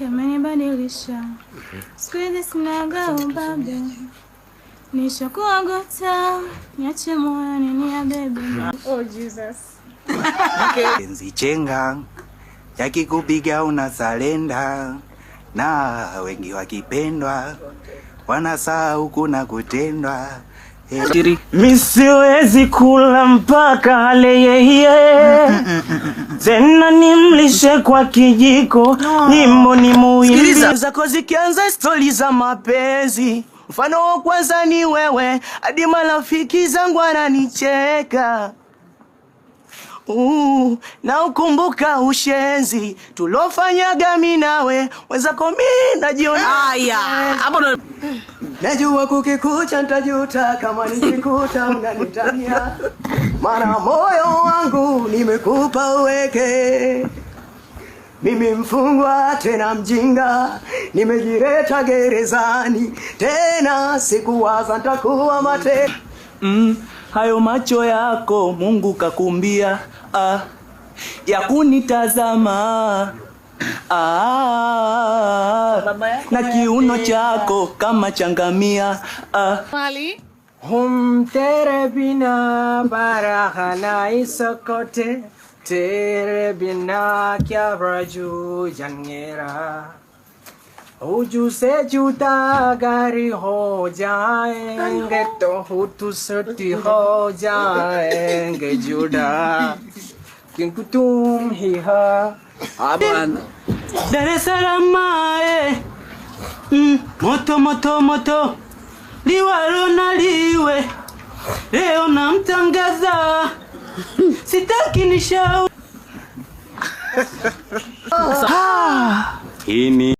yamenibadilisha siku hizi sina nishakuogota niache moyoni ni oh, Jesus. okay. chenga yakikupiga una na wengi wakipendwa wanasahau kuna kutendwa eh, misiwezi kula mpaka aleyeye mm, mm, mm, tena nimlishe kwa kijiko, nyimbo ni muimbi zako zikianza stori za mapenzi Mfano wa kwanza ni wewe, hadi marafiki zangu ananicheka. Uh, na ukumbuka ushenzi tulofanyaga mimi nawe, wenzako mimi najiona. Aya, hapo ndo najua kukikucha ntajuta kama nikikuta unanitania mara moyo nimekupa uweke mimi mfungwa tena mjinga, nimejireta gerezani tena, sikuwaza ntakuwa mate mm, hayo macho yako Mungu kakumbia ah, ya kunitazama ah, na kiuno chako kama changamia ah. हम तेरे बिना बारा बरहना सकते तेरे बिना क्या रजू जंगेरा उजू से जूता गारी हो जाएंगे तो सती हो जाएंगे जुड़ा क्योंकि तुम ही हाँ दरअसल अम्मा मोतो मोतो मोतो liwalo na liwe, leo namtangaza, sitaki nishau ah. Hii ni